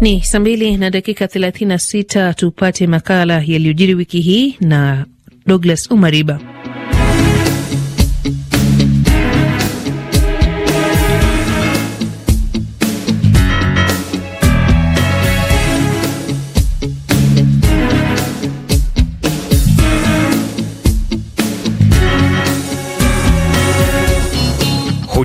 Ni saa mbili na dakika 36, tupate makala yaliyojiri wiki hii na Douglas Umariba.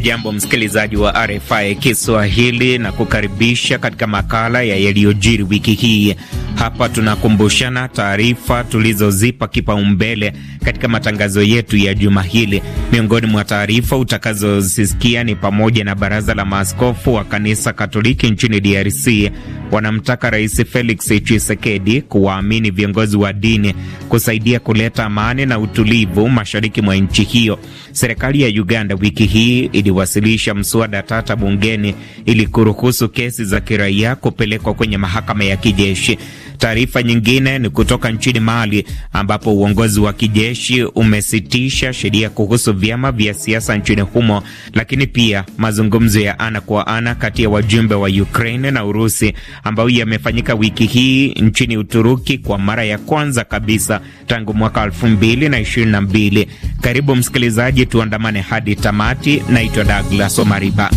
Hujambo msikilizaji wa RFI Kiswahili na kukaribisha katika makala ya yaliyojiri wiki hii. Hapa tunakumbushana taarifa tulizozipa kipaumbele katika matangazo yetu ya juma hili. Miongoni mwa taarifa utakazozisikia ni pamoja na baraza la maaskofu wa kanisa Katoliki nchini DRC wanamtaka Rais Felix Tshisekedi kuwaamini viongozi wa dini kusaidia kuleta amani na utulivu mashariki mwa nchi hiyo. Serikali ya Uganda wiki hii ili iliwasilisha mswada tata bungeni ili kuruhusu kesi za kiraia kupelekwa kwenye mahakama ya kijeshi. Taarifa nyingine ni kutoka nchini Mali ambapo uongozi wa kijeshi umesitisha sheria kuhusu vyama vya siasa nchini humo, lakini pia mazungumzo ya ana kwa ana kati ya wajumbe wa Ukraine na Urusi ambayo yamefanyika wiki hii nchini Uturuki kwa mara ya kwanza kabisa tangu mwaka 2022. Karibu msikilizaji, tuandamane hadi tamati. Naitwa Douglas Omariba.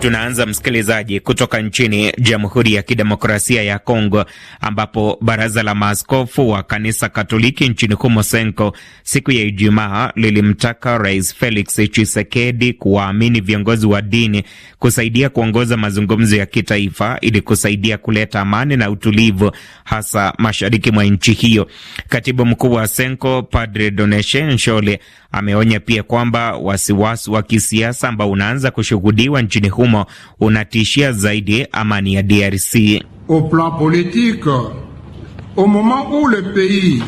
Tunaanza msikilizaji, kutoka nchini Jamhuri ya Kidemokrasia ya Kongo, ambapo baraza la maaskofu wa kanisa Katoliki nchini humo Senko siku ya Ijumaa lilimtaka Rais Felix Tshisekedi kuwaamini viongozi wa dini kusaidia kuongoza mazungumzo ya kitaifa ili kusaidia kuleta amani na utulivu, hasa mashariki mwa nchi hiyo. Katibu mkuu wa Senko Padre Doneshe Nshole ameonya pia kwamba wasiwasi wa kisiasa ambao unaanza kushuhudiwa nchini humo humo unatishia zaidi amani ya DRC. Au plan politique, au moment où le pays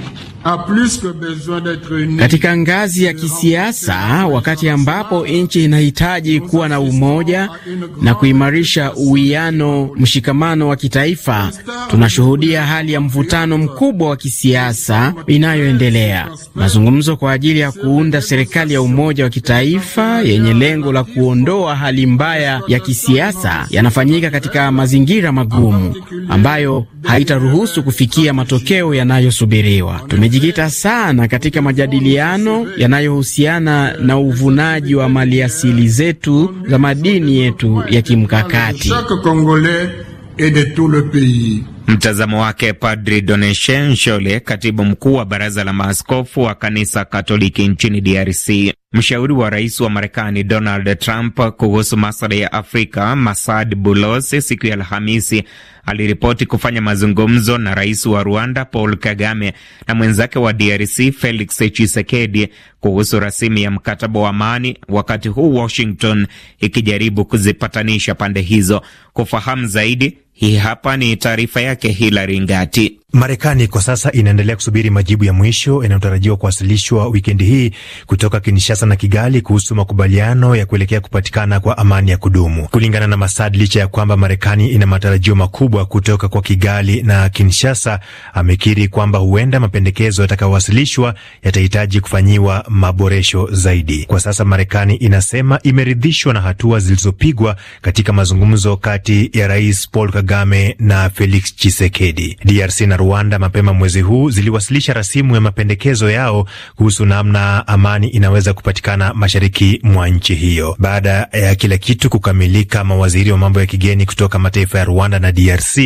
katika ngazi ya kisiasa, wakati ambapo nchi inahitaji kuwa na umoja na kuimarisha uwiano, mshikamano wa kitaifa, tunashuhudia hali ya mvutano mkubwa wa kisiasa inayoendelea. Mazungumzo kwa ajili ya kuunda serikali ya umoja wa kitaifa yenye lengo la kuondoa hali mbaya ya kisiasa yanafanyika katika mazingira magumu ambayo haitaruhusu kufikia matokeo yanayosubiriwa. Tume amejikita sana katika majadiliano yanayohusiana na uvunaji wa maliasili zetu za madini yetu ya kimkakati. Mtazamo wake Padri Donatien shole katibu mkuu wa baraza la maaskofu wa kanisa Katoliki nchini DRC. Mshauri wa rais wa Marekani Donald Trump kuhusu masuala ya Afrika Masad Bulosi siku ya Alhamisi aliripoti kufanya mazungumzo na rais wa Rwanda Paul Kagame na mwenzake wa DRC Felix Tshisekedi kuhusu rasimu ya mkataba wa amani, wakati huu Washington ikijaribu kuzipatanisha pande hizo. Kufahamu zaidi hii hapa ni taarifa yake Hilary Ngati. Marekani kwa sasa inaendelea kusubiri majibu ya mwisho yanayotarajiwa kuwasilishwa wikendi hii kutoka Kinshasa na Kigali kuhusu makubaliano ya kuelekea kupatikana kwa amani ya kudumu, kulingana na Masad. Licha ya kwamba Marekani ina matarajio makubwa kutoka kwa Kigali na Kinshasa, amekiri kwamba huenda mapendekezo yatakayowasilishwa yatahitaji kufanyiwa maboresho zaidi. Kwa sasa Marekani inasema imeridhishwa na hatua zilizopigwa katika mazungumzo kati ya Rais Paul Kagame na Felix chisekedi DRC na Rwanda mapema mwezi huu ziliwasilisha rasimu ya mapendekezo yao kuhusu namna amani inaweza kupatikana mashariki mwa nchi hiyo. Baada ya kila kitu kukamilika, mawaziri wa mambo ya kigeni kutoka mataifa ya Rwanda na DRC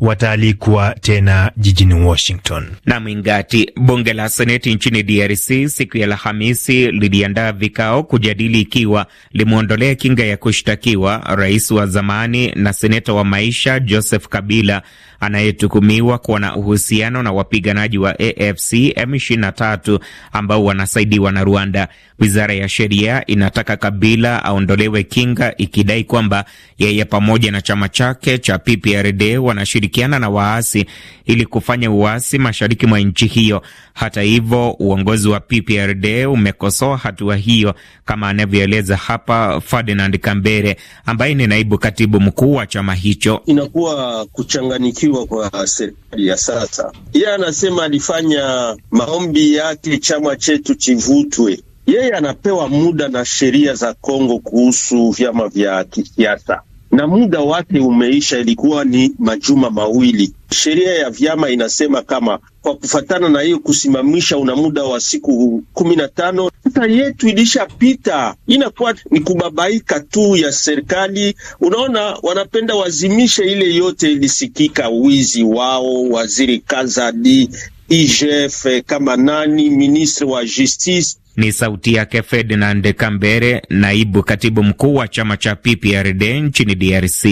wataalikwa tena jijini Washington. Na Mwingati, bunge la seneti nchini DRC siku ya Alhamisi liliandaa vikao kujadili ikiwa limwondolea kinga ya kushtakiwa rais wa zamani na seneta wa maisha Joseph Kabila anayetuhumiwa kuwa na uhusiano na wapiganaji wa AFC M23 ambao wanasaidiwa na Rwanda. Wizara ya sheria inataka Kabila aondolewe kinga, ikidai kwamba yeye pamoja na chama chake cha PPRD wanashirikiana na waasi ili kufanya uasi mashariki mwa nchi hiyo. Hata hivyo, uongozi wa PPRD umekosoa hatua hiyo, kama anavyoeleza hapa Ferdinand Kambere ambaye ni naibu katibu mkuu wa chama hicho. inakuwa kuchanganyikiwa kufikiwa kwa serikali ya sasa. Yeye anasema alifanya maombi yake chama chetu chivutwe. Yeye anapewa muda na sheria za Kongo kuhusu vyama vya kisiasa na muda wake umeisha, ilikuwa ni majuma mawili. Sheria ya vyama inasema kama kwa kufatana na hiyo kusimamisha, una muda wa siku kumi na tano. Sasa yetu ilishapita, inakuwa ni kubabaika tu ya serikali. Unaona, wanapenda wazimishe ile yote. Ilisikika wizi wao, waziri Kazadi IGF kama nani, ministre wa justice ni sauti yake Ferdinand Kambere, naibu katibu mkuu wa chama cha PPRD nchini DRC.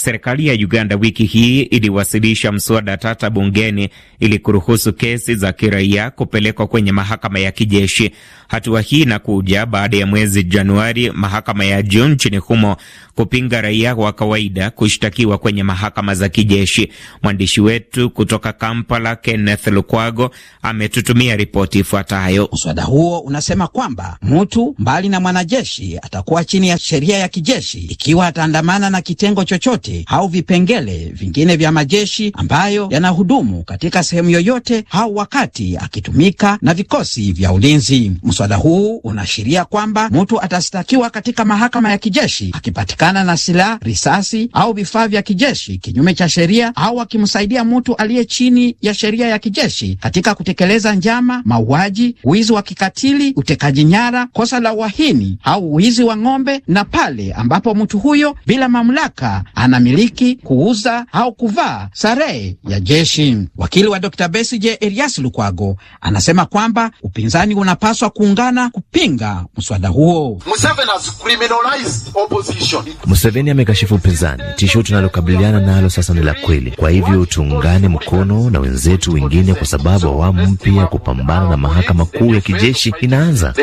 Serikali ya Uganda wiki hii iliwasilisha mswada tata bungeni ili kuruhusu kesi za kiraia kupelekwa kwenye mahakama ya kijeshi. Hatua hii inakuja baada ya mwezi Januari mahakama ya juu nchini humo kupinga raia wa kawaida kushtakiwa kwenye mahakama za kijeshi. Mwandishi wetu kutoka Kampala, Kenneth Lukwago, ametutumia ripoti ifuatayo. Mswada huo unasema kwamba mtu mbali na mwanajeshi atakuwa chini ya sheria ya kijeshi ikiwa ataandamana na kitengo chochote yoyote au vipengele vingine vya majeshi ambayo yanahudumu katika sehemu yoyote au wakati akitumika na vikosi vya ulinzi. Mswada huu unaashiria kwamba mtu atastakiwa katika mahakama ya kijeshi akipatikana na silaha, risasi au vifaa vya kijeshi kinyume cha sheria au akimsaidia mtu aliye chini ya sheria ya kijeshi katika kutekeleza njama, mauaji, wizi wa kikatili, utekaji nyara, kosa la uhaini au wizi wa ng'ombe, na pale ambapo mtu huyo bila mamlaka ana anamiliki, kuuza au kuvaa sare ya jeshi. Wakili wa Dr. Besigye Elias Lukwago anasema kwamba upinzani unapaswa kuungana kupinga mswada huo. Museveni amekashifu upinzani. Tishio tunalokabiliana nalo sasa ni la kweli, kwa hivyo tuungane mkono na wenzetu wengine, kwa sababu awamu mpya kupambana na mahakama kuu ya kijeshi inaanza.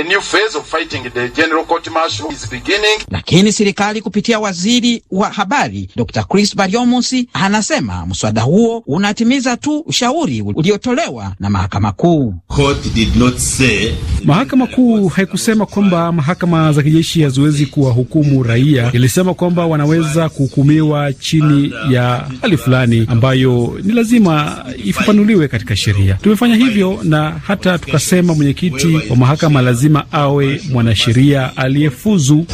Lakini serikali kupitia waziri wa habari Dr. Chris Bariomusi anasema mswada huo unatimiza tu ushauri uliotolewa na mahakama kuu. Mahakama kuu haikusema kwamba mahakama za kijeshi haziwezi kuwahukumu raia, ilisema kwamba wanaweza kuhukumiwa chini ya hali fulani ambayo ni lazima ifafanuliwe katika sheria. Tumefanya hivyo na hata tukasema mwenyekiti wa mahakama lazima awe mwanasheria aliyefuzu.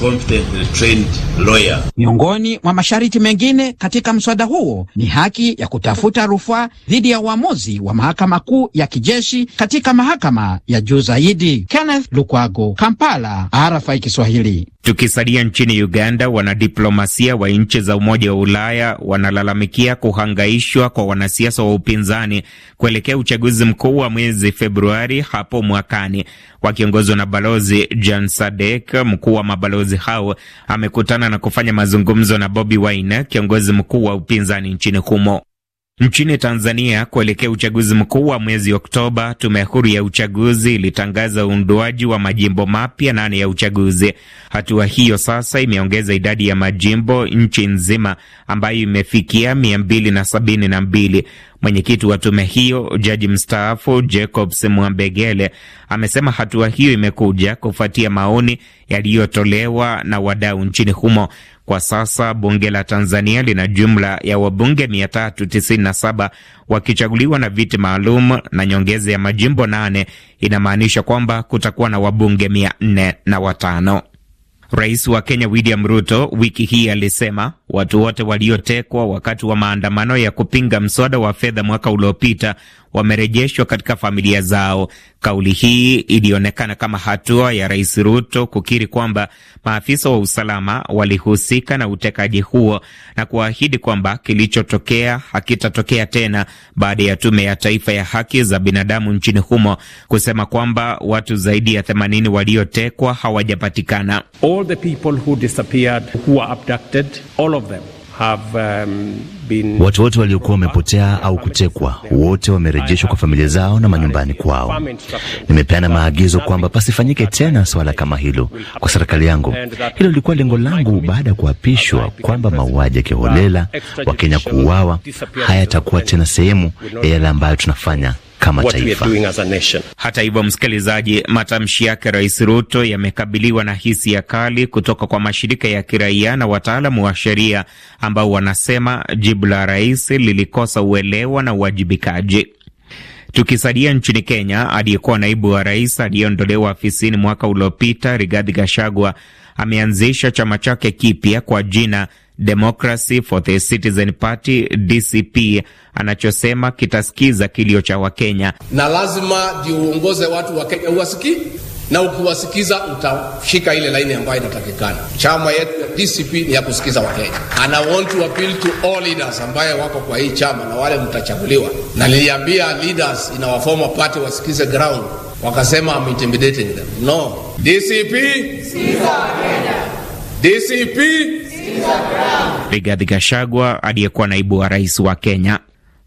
Miongoni mwa masharti mengine katika mswada huo ni haki ya kutafuta rufaa dhidi ya uamuzi wa mahakama kuu ya kijeshi katika mahakama ya juu zaidi. Kenneth Lukwago, Kampala, RFI Kiswahili. Tukisalia nchini Uganda, wanadiplomasia wa nchi za Umoja wa Ulaya wanalalamikia kuhangaishwa kwa wanasiasa wa upinzani kuelekea uchaguzi mkuu wa mwezi Februari hapo mwakani. Wakiongozwa na Balozi Jan Sadek, mkuu wa mabalozi hao amekutana na kufanya mazungumzo na Bobi Wine kiongozi mkuu wa upinzani nchini humo. Nchini Tanzania, kuelekea uchaguzi mkuu wa mwezi Oktoba, tume huru ya uchaguzi ilitangaza uunduaji wa majimbo mapya nane ya uchaguzi. Hatua hiyo sasa imeongeza idadi ya majimbo nchi nzima ambayo imefikia mia mbili na sabini na mbili. Mwenyekiti wa tume hiyo jaji mstaafu Jacobs Mwambegele amesema hatua hiyo imekuja kufuatia maoni yaliyotolewa na wadau nchini humo. Kwa sasa bunge la Tanzania lina jumla ya wabunge 397 wakichaguliwa na viti maalum, na nyongeza ya majimbo nane inamaanisha kwamba kutakuwa na wabunge 405. Rais wa Kenya William Ruto wiki hii alisema watu wote waliotekwa wakati wa maandamano ya kupinga mswada wa fedha mwaka uliopita wamerejeshwa katika familia zao. Kauli hii ilionekana kama hatua ya Rais Ruto kukiri kwamba maafisa wa usalama walihusika na utekaji huo na kuahidi kwamba kilichotokea hakitatokea tena, baada ya Tume ya Taifa ya Haki za Binadamu nchini humo kusema kwamba watu zaidi ya 80 waliotekwa hawajapatikana. All the people who disappeared, who abducted, all of them Um, watu wote waliokuwa wamepotea au kutekwa wote wamerejeshwa kwa familia zao na manyumbani kwao. Nimepeana maagizo kwamba pasifanyike tena swala kama hilo kwa serikali yangu. Hilo lilikuwa lengo langu baada ya kuapishwa kwamba mauaji ya kiholela, Wakenya kuuawa hayatakuwa tena sehemu ya yale ambayo tunafanya kama taifa. Hata hivyo, msikilizaji, matamshi yake Rais Ruto yamekabiliwa na hisia kali kutoka kwa mashirika ya kiraia na wataalamu wa sheria ambao wanasema jibu la rais lilikosa uelewa na uwajibikaji. Tukisadia nchini Kenya, aliyekuwa naibu wa rais aliyeondolewa afisini mwaka uliopita Rigathi Gachagua ameanzisha chama chake kipya kwa jina Democracy for the Citizen Party DCP anachosema kitasikiza kilio cha Wakenya, na lazima jiuongoze watu wa Kenya uwasikii, na ukiwasikiza utashika ile laini ambayo inatakikana. Chama yetu ya DCP ni ya kusikiza Wakenya. Ana want to appeal to all leaders ambaye wako kwa hii chama na wale mtachaguliwa, na niliambia leaders in our former party wasikize ground, wakasema I'm intimidating them. No, DCP sikiza Wakenya, DCP Rigathi Gachagua aliyekuwa naibu wa rais wa Kenya.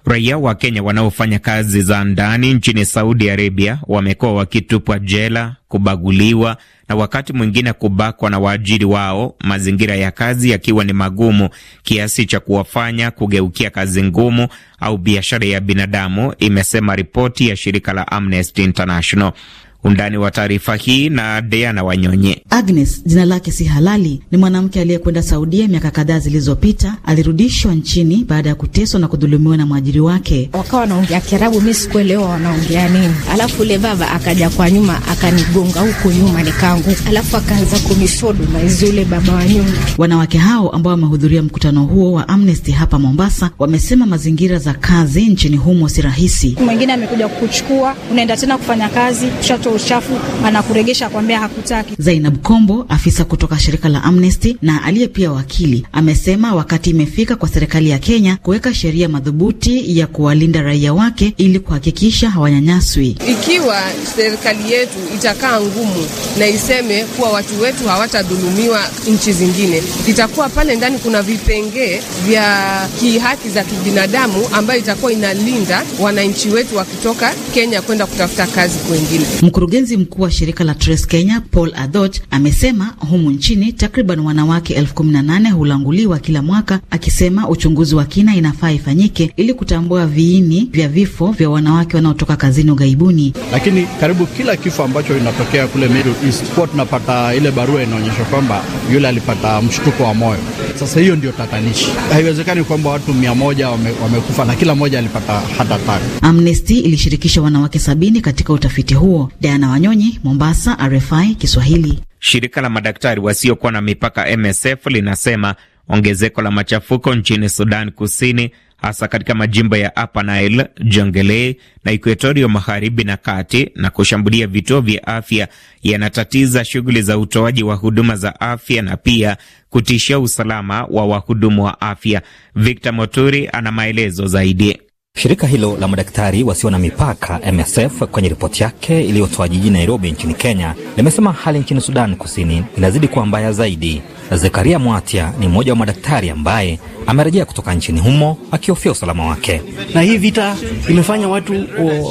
Raia wa Kenya wanaofanya kazi za ndani nchini Saudi Arabia wamekuwa wakitupwa jela, kubaguliwa na wakati mwingine kubakwa na waajiri wao, mazingira ya kazi yakiwa ni magumu kiasi cha kuwafanya kugeukia kazi ngumu au biashara ya binadamu, imesema ripoti ya shirika la Amnesty International. Undani wa taarifa hii na Deana Wanyonye. Agnes, jina lake si halali, ni mwanamke aliyekwenda Saudia miaka kadhaa zilizopita. Alirudishwa nchini baada ya kuteswa na kudhulumiwa na mwajiri wake. Wakawa wanaongea Kiarabu, mi sikuelewa wanaongea nini. Alafu ule baba akaja kwa nyuma akanigonga huku nyuma, nikaanguka, alafu akaanza kumishodo maizi ule baba wa nyuma. Wanawake hao ambao wamehudhuria mkutano huo wa Amnesty hapa Mombasa wamesema mazingira za kazi nchini humo si rahisi. Mwingine amekuja kukuchukua, unaenda tena kufanya kazi ushato uchafu anakuregesha kwambia hakutaki. Zainab Kombo, afisa kutoka shirika la Amnesty na aliye pia wakili, amesema wakati imefika kwa serikali ya Kenya kuweka sheria madhubuti ya kuwalinda raia wake ili kuhakikisha hawanyanyaswi. Ikiwa serikali yetu itakaa ngumu na iseme kuwa watu wetu hawatadhulumiwa nchi zingine, itakuwa pale ndani kuna vipengee vya kihaki za kibinadamu ambayo itakuwa inalinda wananchi wetu wakitoka Kenya kwenda kutafuta kazi kwengine. Mkurugenzi mkuu wa shirika la Trace Kenya Paul Adot amesema humu nchini takriban wanawake elfu kumi na nane hulanguliwa kila mwaka, akisema uchunguzi wa kina inafaa ifanyike ili kutambua viini vya vifo vya wanawake wanaotoka kazini ughaibuni. Lakini karibu kila kifo ambacho inatokea kule Middle East huwa tunapata ile barua inaonyesha kwamba yule alipata mshtuko wa moyo. Sasa hiyo ndio tatanishi. Haiwezekani kwamba watu mia moja wame, wamekufa na kila mmoja alipata heart attack. Amnesty ilishirikisha wanawake sabini katika utafiti huo. Diana Wanyonyi, Mombasa, RFI Kiswahili. Shirika la madaktari wasiokuwa na mipaka MSF linasema ongezeko la machafuko nchini Sudan Kusini, hasa katika majimbo ya Upper Nile, Jonglei na Equatorial magharibi na kati, na kushambulia vituo vya afya yanatatiza shughuli za utoaji wa huduma za afya na pia kutishia usalama wa wahudumu wa afya. Victor Moturi ana maelezo zaidi. Shirika hilo la madaktari wasio na mipaka MSF kwenye ripoti yake iliyotoa jijini Nairobi nchini Kenya limesema hali nchini Sudan Kusini inazidi kuwa mbaya zaidi. Zekaria Mwatia ni mmoja wa madaktari ambaye amerejea kutoka nchini humo akihofia usalama wake. Na hii vita imefanya watu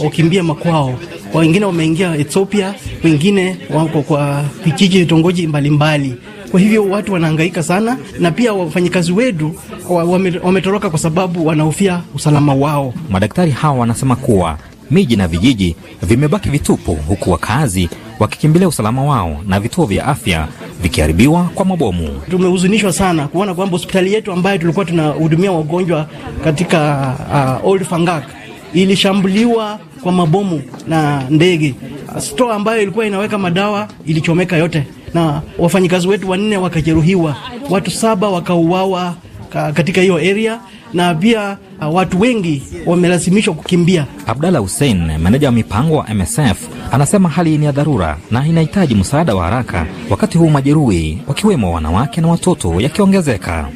wakimbia makwao, wengine wameingia Ethiopia, wengine wako kwa vijiji, vitongoji mbalimbali kwa hivyo watu wanahangaika sana, na pia wafanyikazi wetu wametoroka kwa sababu wanahofia usalama wao. Madaktari hawa wanasema kuwa miji na vijiji vimebaki vitupu, huku wakazi wakikimbilia usalama wao na vituo vya afya vikiharibiwa kwa mabomu. Tumehuzunishwa sana kuona kwamba hospitali yetu ambayo tulikuwa tunahudumia wagonjwa katika uh, Old Fangak ilishambuliwa kwa mabomu na ndege. Store ambayo ilikuwa inaweka madawa ilichomeka yote na wafanyikazi wetu wanne wakajeruhiwa, watu saba wakauawa katika hiyo area na pia uh, watu wengi wamelazimishwa kukimbia. Abdalla Hussein, meneja wa mipango wa MSF, Anasema hali ni ya dharura na inahitaji msaada wa haraka, wakati huu majeruhi wakiwemo wanawake na watoto yakiongezeka.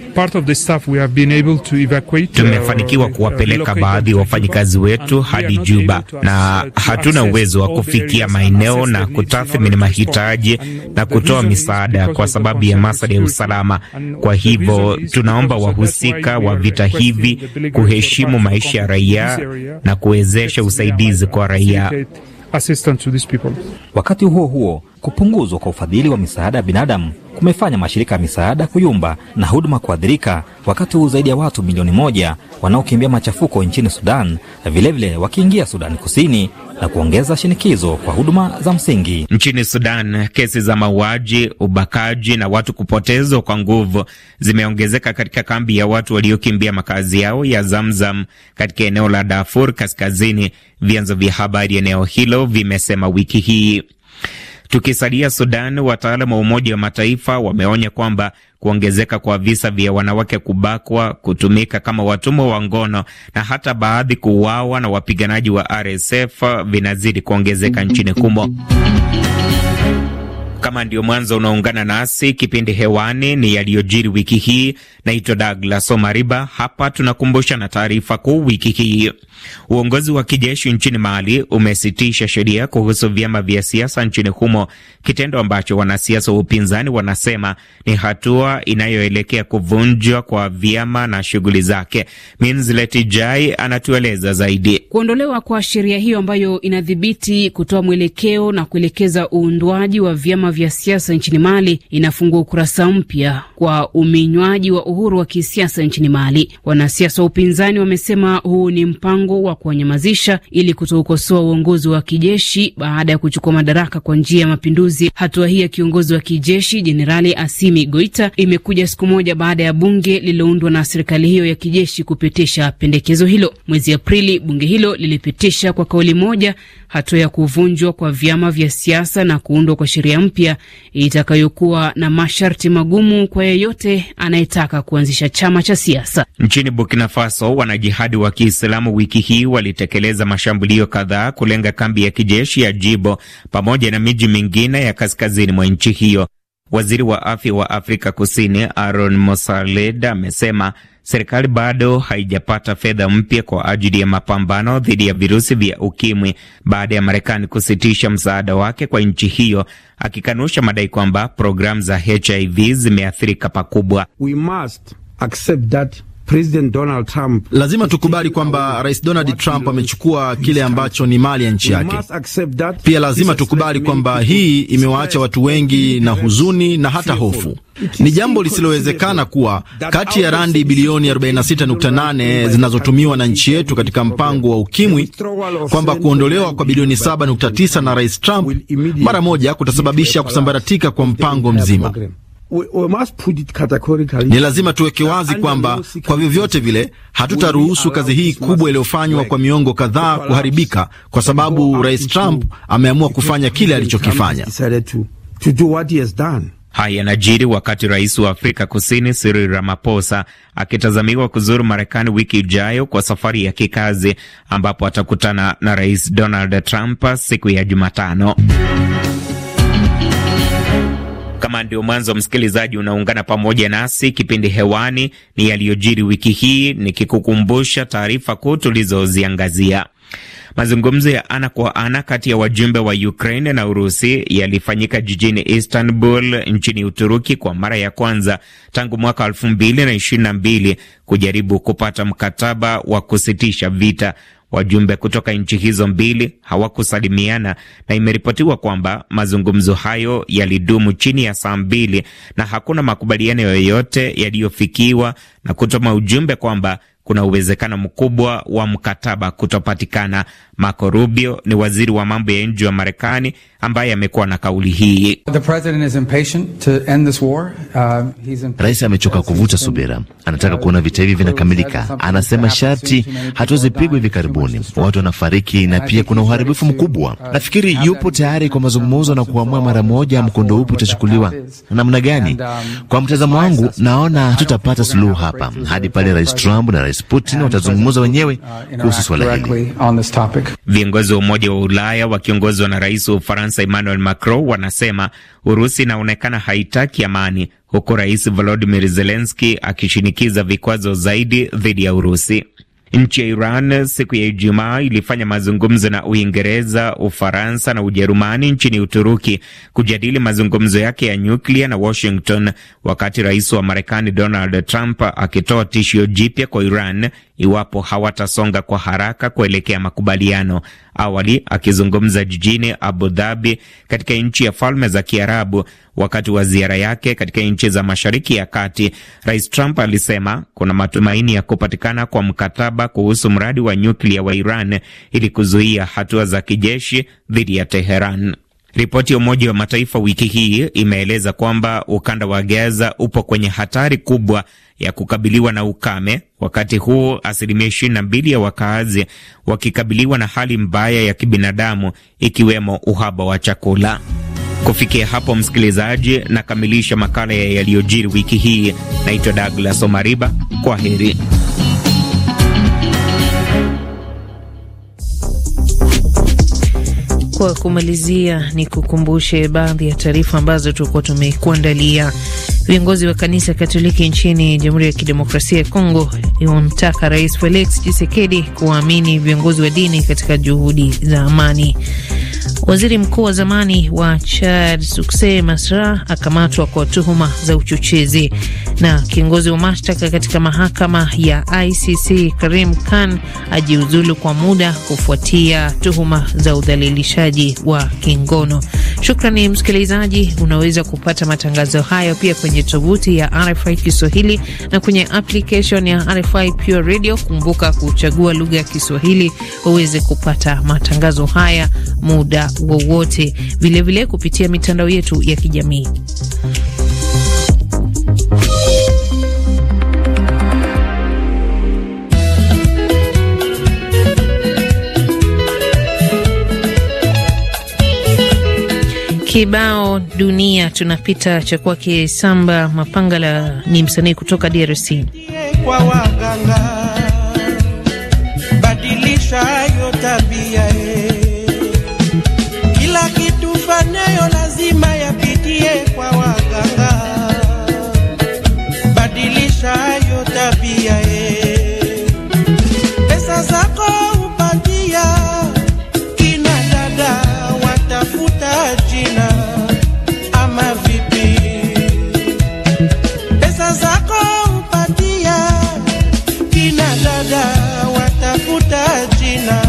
Tumefanikiwa kuwapeleka baadhi ya wafanyikazi wetu hadi Juba na hatuna uwezo wa kufikia maeneo na kutathmini mahitaji na kutoa misaada kwa sababu ya masuala ya usalama. Kwa hivyo tunaomba wahusika wa vita hivi kuheshimu maisha ya raia na kuwezesha usaidizi kwa raia assistance to these people. Wakati huo huo, kupunguzwa kwa ufadhili wa misaada ya binadamu kumefanya mashirika ya misaada kuyumba na huduma kuadhirika, wakati huu zaidi ya watu milioni moja wanaokimbia machafuko nchini Sudan na vilevile wakiingia Sudan Kusini na kuongeza shinikizo kwa huduma za msingi. Nchini Sudan, kesi za mauaji, ubakaji na watu kupotezwa kwa nguvu zimeongezeka katika kambi ya watu waliokimbia makazi yao ya Zamzam katika eneo la Darfur Kaskazini, vyanzo vya habari eneo hilo vimesema wiki hii. Tukisalia Sudan, wataalam wa Umoja wa Mataifa wameonya kwamba kuongezeka kwa visa vya wanawake kubakwa, kutumika kama watumwa wa ngono na hata baadhi kuuawa na wapiganaji wa RSF vinazidi kuongezeka nchini humo. Kama ndio mwanzo unaungana nasi, kipindi hewani ni yaliyojiri wiki hii. Naitwa Douglas Omariba. Hapa tunakumbusha na taarifa kuu wiki hii. Uongozi wa kijeshi nchini Mali umesitisha sheria kuhusu vyama vya siasa nchini humo, kitendo ambacho wanasiasa wa upinzani wanasema ni hatua inayoelekea kuvunjwa kwa vyama na shughuli zake. Minzleti Jai anatueleza zaidi. Kuondolewa kwa sheria hiyo ambayo inadhibiti kutoa mwelekeo na kuelekeza uundwaji wa vyama vyama vya siasa nchini Mali inafungua ukurasa mpya kwa uminywaji wa uhuru wa kisiasa nchini Mali. Wanasiasa wa upinzani wamesema huu ni mpango wa kuwanyamazisha ili kutoukosoa uongozi wa kijeshi baada ya kuchukua madaraka kwa njia ya mapinduzi. Hatua hii ya kiongozi wa kijeshi Jenerali Asimi Goita imekuja siku moja baada ya bunge lililoundwa na serikali hiyo ya kijeshi kupitisha pendekezo hilo. Mwezi Aprili bunge hilo lilipitisha kwa kauli moja hatua ya kuvunjwa kwa vyama vya siasa na kuundwa kwa sheria mpya mpya itakayokuwa na masharti magumu kwa yeyote anayetaka kuanzisha chama cha siasa. Nchini Burkina Faso, wanajihadi wa Kiislamu wiki hii walitekeleza mashambulio kadhaa kulenga kambi ya kijeshi ya Jibo pamoja na miji mingine ya kaskazini mwa nchi hiyo. Waziri wa afya wa Afrika Kusini Aaron Mosaleda amesema serikali bado haijapata fedha mpya kwa ajili ya mapambano dhidi ya virusi vya ukimwi baada ya Marekani kusitisha msaada wake kwa nchi hiyo, akikanusha madai kwamba programu za HIV zimeathirika pakubwa. We must accept that President Donald Trump. Lazima tukubali kwamba Rais Donald Trump amechukua kile ambacho ni mali ya nchi yake. Pia lazima tukubali kwamba hii imewaacha watu wengi na huzuni na hata hofu. Ni jambo lisilowezekana kuwa kati ya randi bilioni 46.8 zinazotumiwa na nchi yetu katika mpango wa ukimwi kwamba kuondolewa kwa bilioni 7.9 na Rais Trump mara moja kutasababisha kusambaratika kwa mpango mzima. We, we must put it categorically. Ni lazima tuweke wazi kwamba kwa vyovyote vile hatutaruhusu kazi hii kubwa iliyofanywa kwa miongo kadhaa kuharibika kwa sababu Rais Trump ameamua kufanya kile alichokifanya. Haya yanajiri wakati rais wa Afrika Kusini Cyril Ramaphosa akitazamiwa kuzuru Marekani wiki ijayo kwa safari ya kikazi ambapo atakutana na Rais Donald Trump siku ya Jumatano. Kama ndio mwanzo msikilizaji unaungana pamoja nasi, kipindi hewani ni yaliyojiri wiki hii, nikikukumbusha taarifa kuu tulizoziangazia. Mazungumzo ya ana kwa ana kati ya wajumbe wa Ukraine na Urusi yalifanyika jijini Istanbul nchini Uturuki kwa mara ya kwanza tangu mwaka 2022 kujaribu kupata mkataba wa kusitisha vita. Wajumbe kutoka nchi hizo mbili hawakusalimiana na imeripotiwa kwamba mazungumzo hayo yalidumu chini ya saa mbili na hakuna makubaliano yoyote yaliyofikiwa na kutuma ujumbe kwamba kuna uwezekano mkubwa wa mkataba kutopatikana. Marco Rubio ni waziri wa mambo ya nje wa Marekani ambaye amekuwa na kauli hii. Uh, Rais amechoka kuvuta subira, anataka kuona vita hivi vinakamilika. Anasema shati hatuwezi pigwa hivi karibuni, watu wanafariki na pia kuna uharibifu mkubwa. Nafikiri yupo tayari kwa mazungumzo na kuamua mara moja mkondo upi utachukuliwa namna gani. Kwa mtazamo wangu, naona hatutapata suluhu hapa hadi pale Rais Trump na Rais Rais Putin watazungumza wenyewe kuhusu swala hili. Viongozi wa Umoja wa Ulaya wakiongozwa na rais wa Ufaransa Emmanuel Macron wanasema Urusi inaonekana haitaki amani, huku Rais Volodimir Zelenski akishinikiza vikwazo zaidi dhidi ya Urusi. Nchi ya Iran siku ya Ijumaa ilifanya mazungumzo na Uingereza, Ufaransa na Ujerumani nchini Uturuki kujadili mazungumzo yake ya nyuklia na Washington, wakati rais wa Marekani Donald Trump akitoa tishio jipya kwa Iran iwapo hawatasonga kwa haraka kuelekea makubaliano. Awali akizungumza jijini Abu Dhabi katika nchi ya Falme za Kiarabu wakati wa ziara yake katika nchi za Mashariki ya Kati, Rais Trump alisema kuna matumaini ya kupatikana kwa mkataba kuhusu mradi wa nyuklia wa Iran ili kuzuia hatua za kijeshi dhidi ya Teheran. Ripoti ya Umoja wa Mataifa wiki hii imeeleza kwamba ukanda wa Gaza upo kwenye hatari kubwa ya kukabiliwa na ukame, wakati huu asilimia 22 ya wakaazi wakikabiliwa na hali mbaya ya kibinadamu ikiwemo uhaba wa chakula. Kufikia hapo, msikilizaji, nakamilisha makala ya yaliyojiri wiki hii. Naitwa Douglas Omariba, kwa heri. Kwa kumalizia, ni kukumbushe baadhi ya taarifa ambazo tulikuwa tumekuandalia. Viongozi wa kanisa Katoliki nchini Jamhuri ya Kidemokrasia ya Kongo wamtaka Rais Felix Tshisekedi kuwaamini viongozi wa dini katika juhudi za amani. Waziri mkuu wa zamani wa Chad Sukse Masra akamatwa kwa tuhuma za uchochezi, na kiongozi wa mashtaka katika mahakama ya ICC Karim Khan ajiuzulu kwa muda kufuatia tuhuma za udhalilishaji wa kingono. Shukrani msikilizaji, unaweza kupata matangazo hayo pia kwenye tovuti ya RFI Kiswahili na kwenye application ya RFI Pure Radio. Kumbuka kuchagua lugha ya Kiswahili uweze kupata matangazo haya muda muda wowote, vilevile kupitia mitandao yetu ya kijamii. Kibao dunia tunapita cha kwake Samba Mapangala, ni msanii kutoka DRC. Kwa waganga badilisha tabia kutafuta jina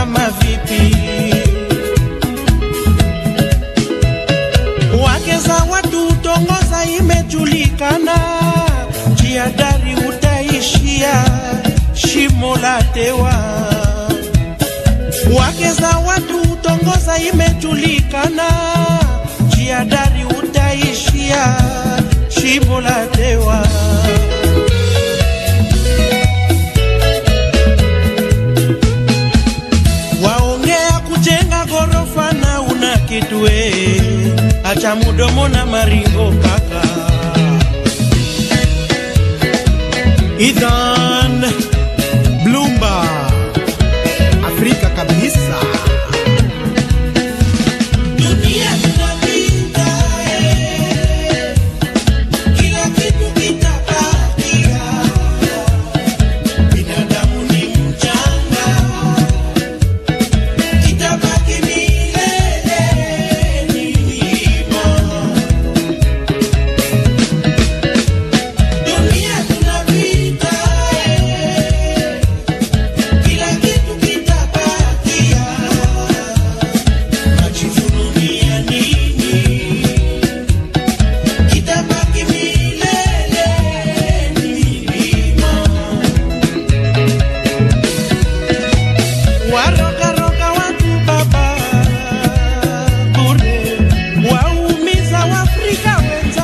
ama vipi? Wake za watu imejulikana utaishia shimo la tewa. Wake za watu imejulikana utaishia shimo la tewa. cha mudomo na maringo kaka Ida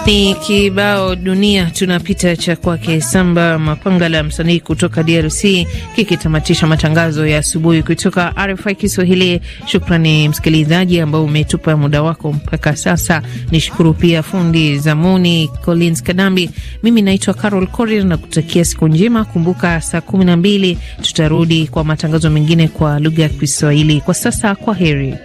ni kibao dunia tunapita cha kwake Samba Mapangala, msanii kutoka DRC, kikitamatisha matangazo ya asubuhi kutoka RFI Kiswahili. Shukrani msikilizaji ambao umetupa muda wako mpaka sasa. Nishukuru pia fundi zamuni Collins Kadambi. Mimi naitwa Carol Corir na kutakia siku njema. Kumbuka saa kumi na mbili tutarudi kwa matangazo mengine kwa lugha ya Kiswahili. Kwa sasa, kwa heri.